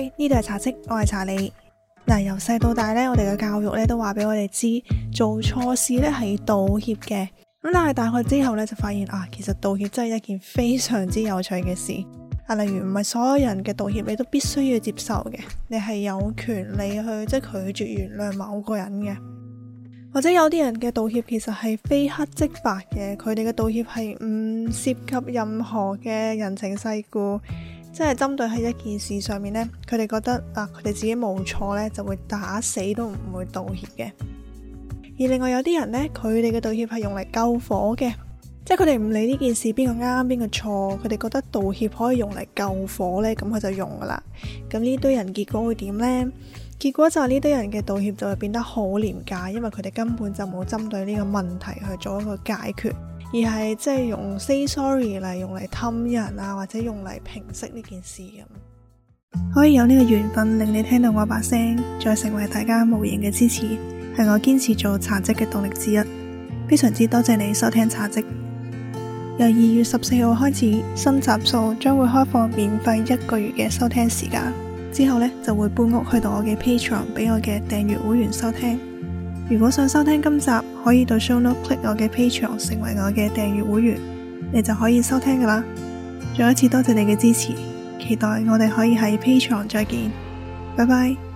呢度係茶嘖，我係查理。嗱，由細到大咧，我哋嘅教育咧都話俾我哋知，做錯事咧係要道歉嘅。咁但係大個之後咧就發現啊，其實道歉真係一件非常之有趣嘅事。啊，例如唔係所有人嘅道歉你都必須要接受嘅，你係有權利去即係拒絕原諒某個人嘅。或者有啲人嘅道歉其實係非黑即白嘅，佢哋嘅道歉係唔涉及任何嘅人情世故。即係針對喺一件事上面呢，佢哋覺得嗱，啊，佢哋自己冇錯呢，就會打死都唔會道歉嘅。而另外有啲人呢，佢哋嘅道歉係用嚟救火嘅，即係佢哋唔理呢件事邊個啱邊個錯，佢哋覺得道歉可以用嚟救火呢，咁佢就用噶啦。咁呢堆人結果會點呢？結果就係呢堆人嘅道歉就會變得好廉價，因為佢哋根本就冇針對呢個問題去做一個解決。而係即係用 say sorry 嚟用嚟氹人啊，或者用嚟平息呢件事咁。可以有呢個緣分令你聽到我把聲，再成為大家無形嘅支持，係我堅持做茶嘖嘅動力之一。非常之多謝你收聽茶嘖。由二月十四號開始，新集數將會開放免費一個月嘅收聽時間，之後呢，就會搬屋去到我嘅 Patreon 俾我嘅訂閱會員收聽。如果想收聽今集，可以到 ShowNote click 我嘅 Patreon 成為我嘅訂閱會員，你就可以收聽噶啦。再一次多謝你嘅支持，期待我哋可以喺 Patreon 再見，拜拜。